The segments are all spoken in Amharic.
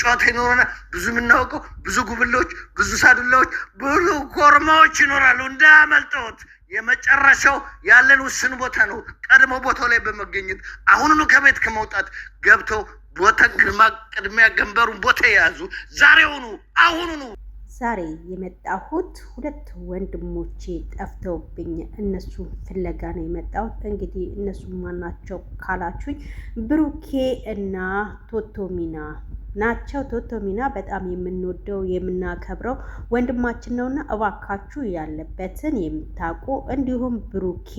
ጨዋታ ይኖረናል። ብዙ የምናውቀው ብዙ ጉብላዎች፣ ብዙ ሳዱላዎች፣ ብዙ ጎርማዎች ይኖራሉ። እንዳያመልጠዎት። የመጨረሻው ያለን ውስን ቦታ ነው። ቀድሞ ቦታው ላይ በመገኘት አሁኑኑ ከቤት ከመውጣት ገብተው ቦታ ቅድሚያ ገንበሩን ቦታ የያዙ ዛሬውኑ አሁኑኑ ዛሬ የመጣሁት ሁለት ወንድሞቼ ጠፍተውብኝ እነሱ ፍለጋ ነው የመጣሁት። እንግዲህ እነሱ ማናቸው ካላችሁኝ ብሩኬ እና ቶቶሚና ናቸው። ቶቶሚና በጣም የምንወደው የምናከብረው ወንድማችን ነውና እባካችሁ ያለበትን የምታውቁ እንዲሁም ብሩኬ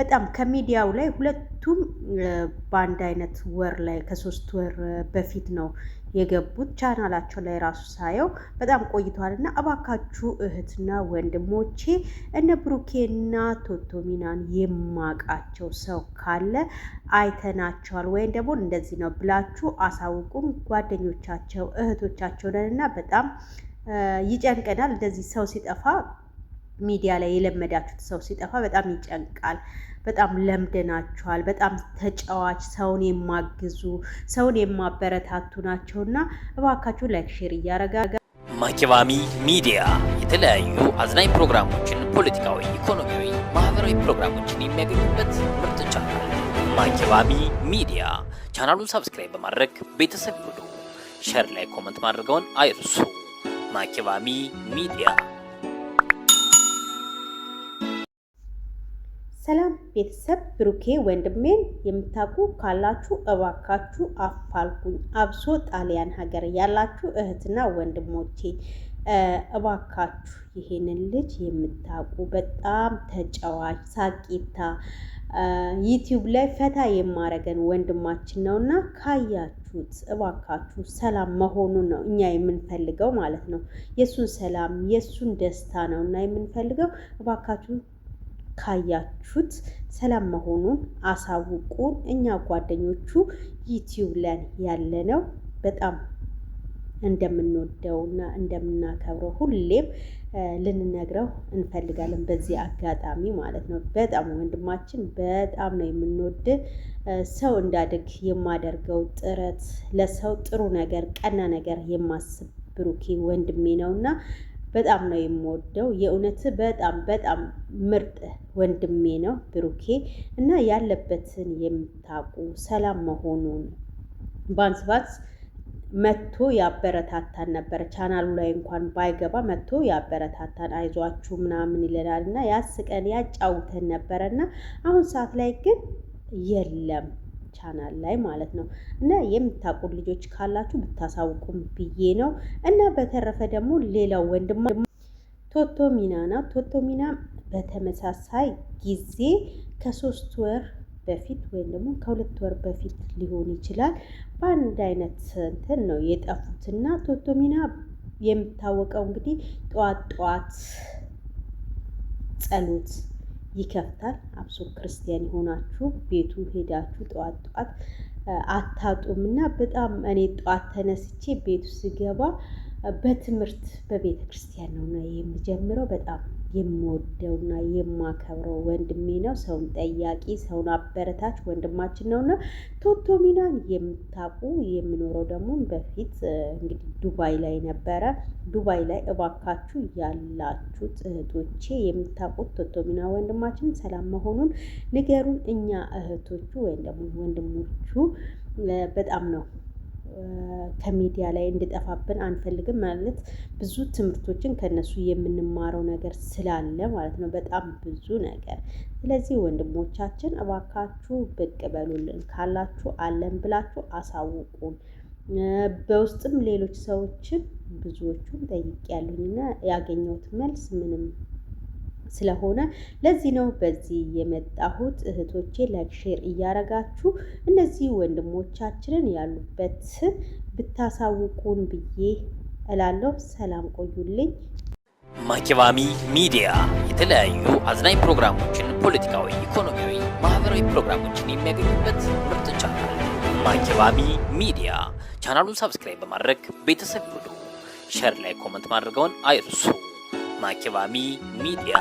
በጣም ከሚዲያው ላይ ሁለት ሁለቱም በአንድ አይነት ወር ላይ ከሶስት ወር በፊት ነው የገቡት። ቻናላቸው ላይ ራሱ ሳየው በጣም ቆይተዋል። እና እባካችሁ እህትና ወንድሞቼ እነ ብሩኬና ቶቶሚናን የማቃቸው ሰው ካለ አይተናቸዋል ወይም ደግሞ እንደዚህ ነው ብላችሁ አሳውቁም። ጓደኞቻቸው እህቶቻቸው ነን እና በጣም ይጨንቀናል እንደዚህ ሰው ሲጠፋ ሚዲያ ላይ የለመዳችሁት ሰው ሲጠፋ በጣም ይጨንቃል። በጣም ለምደናችኋል። በጣም ተጫዋች፣ ሰውን የማግዙ ሰውን የማበረታቱ ናቸውና እባካችሁ ላይክ፣ ሼር እያረጋ ማኪባሚ ሚዲያ የተለያዩ አዝናኝ ፕሮግራሞችን፣ ፖለቲካዊ፣ ኢኮኖሚያዊ፣ ማህበራዊ ፕሮግራሞችን የሚያገኙበት ምርጥ ቻናል ማኪባሚ ሚዲያ። ቻናሉን ሰብስክራይብ በማድረግ ቤተሰብ ይሁኑ። ሸር ላይ ኮመንት ማድረገውን አይርሱ። ማኪባሚ ሚዲያ ሰላም ቤተሰብ፣ ብሩኬ ወንድሜን የምታውቁ ካላችሁ እባካችሁ አፋልጉኝ። አብሶ ጣሊያን ሀገር ያላችሁ እህትና ወንድሞቼ እባካችሁ ይሄንን ልጅ የምታውቁ በጣም ተጫዋች ሳቂታ፣ ዩቲዩብ ላይ ፈታ የማረገን ወንድማችን ነው እና ካያችሁት እባካችሁ ሰላም መሆኑን ነው እኛ የምንፈልገው ማለት ነው። የእሱን ሰላም የእሱን ደስታ ነው እና የምንፈልገው እባካችሁ ካያችሁት ሰላም መሆኑን አሳውቁን። እኛ ጓደኞቹ ዩቲዩብ ላይ ያለ ነው በጣም እንደምንወደውና እንደምናከብረው ሁሌም ልንነግረው እንፈልጋለን። በዚህ አጋጣሚ ማለት ነው። በጣም ወንድማችን በጣም ነው የምንወድ። ሰው እንዳድግ የማደርገው ጥረት ለሰው ጥሩ ነገር ቀና ነገር የማስብ ብሩኬ ወንድሜ ነውና በጣም ነው የምወደው። የእውነት በጣም በጣም ምርጥ ወንድሜ ነው ብሩኬ እና ያለበትን የምታውቁ ሰላም መሆኑን ባንስባስ መጥቶ ያበረታታን ነበረ። ቻናሉ ላይ እንኳን ባይገባ መጥቶ ያበረታታን አይዟችሁ ምናምን ይለናል እና ያስቀን ያጫውተን ነበረ እና አሁን ሰዓት ላይ ግን የለም ቻናል ላይ ማለት ነው። እና የምታውቁ ልጆች ካላችሁ ብታሳውቁም ብዬ ነው። እና በተረፈ ደግሞ ሌላው ወንድማ ቶቶ ሚና ናት። ቶቶ ሚና በተመሳሳይ ጊዜ ከሶስት ወር በፊት ወይም ደግሞ ከሁለት ወር በፊት ሊሆን ይችላል በአንድ አይነት እንትን ነው የጠፉትና ቶቶ ሚና የምታወቀው እንግዲህ ጠዋት ጠዋት ጸሎት ይከፍታል። አብሶ ክርስቲያን የሆናችሁ ቤቱ ሄዳችሁ ጠዋት ጠዋት አታጡም እና በጣም እኔ ጠዋት ተነስቼ ቤቱ ስገባ በትምህርት በቤተ ክርስቲያን ነው የምጀምረው። በጣም የምወደውና የማከብረው ወንድሜ ነው። ሰውን ጠያቂ፣ ሰውን አበረታች ወንድማችን ነውና ቶቶ ሚናን የምታውቁ የምኖረው ደግሞ በፊት እንግዲህ ዱባይ ላይ ነበረ። ዱባይ ላይ እባካችሁ ያላችሁ እህቶቼ የምታውቁት ቶቶ ሚና ወንድማችን ሰላም መሆኑን ንገሩን። እኛ እህቶቹ ወይም ደግሞ ወንድሞቹ በጣም ነው ከሚዲያ ላይ እንድጠፋብን አንፈልግም። ማለት ብዙ ትምህርቶችን ከነሱ የምንማረው ነገር ስላለ ማለት ነው፣ በጣም ብዙ ነገር። ስለዚህ ወንድሞቻችን እባካችሁ ብቅ በሉልን፣ ካላችሁ አለን ብላችሁ አሳውቁን። በውስጥም ሌሎች ሰዎችን ብዙዎቹን ጠይቄያለሁና ያገኘሁት መልስ ምንም ስለሆነ ለዚህ ነው በዚህ የመጣሁት። እህቶቼ ላይክ፣ ሼር እያረጋችሁ እነዚህ ወንድሞቻችንን ያሉበት ብታሳውቁን ብዬ እላለሁ። ሰላም ቆዩልኝ። ማኪባሚ ሚዲያ የተለያዩ አዝናኝ ፕሮግራሞችን፣ ፖለቲካዊ፣ ኢኮኖሚያዊ፣ ማህበራዊ ፕሮግራሞችን የሚያገኙበት ምርጥ ቻናል ማኪባሚ ሚዲያ። ቻናሉን ሳብስክራይብ በማድረግ ቤተሰብ ሁሉ ሸር ላይ ኮመንት ማድረገውን አይርሱ። ማኪባሚ ሚዲያ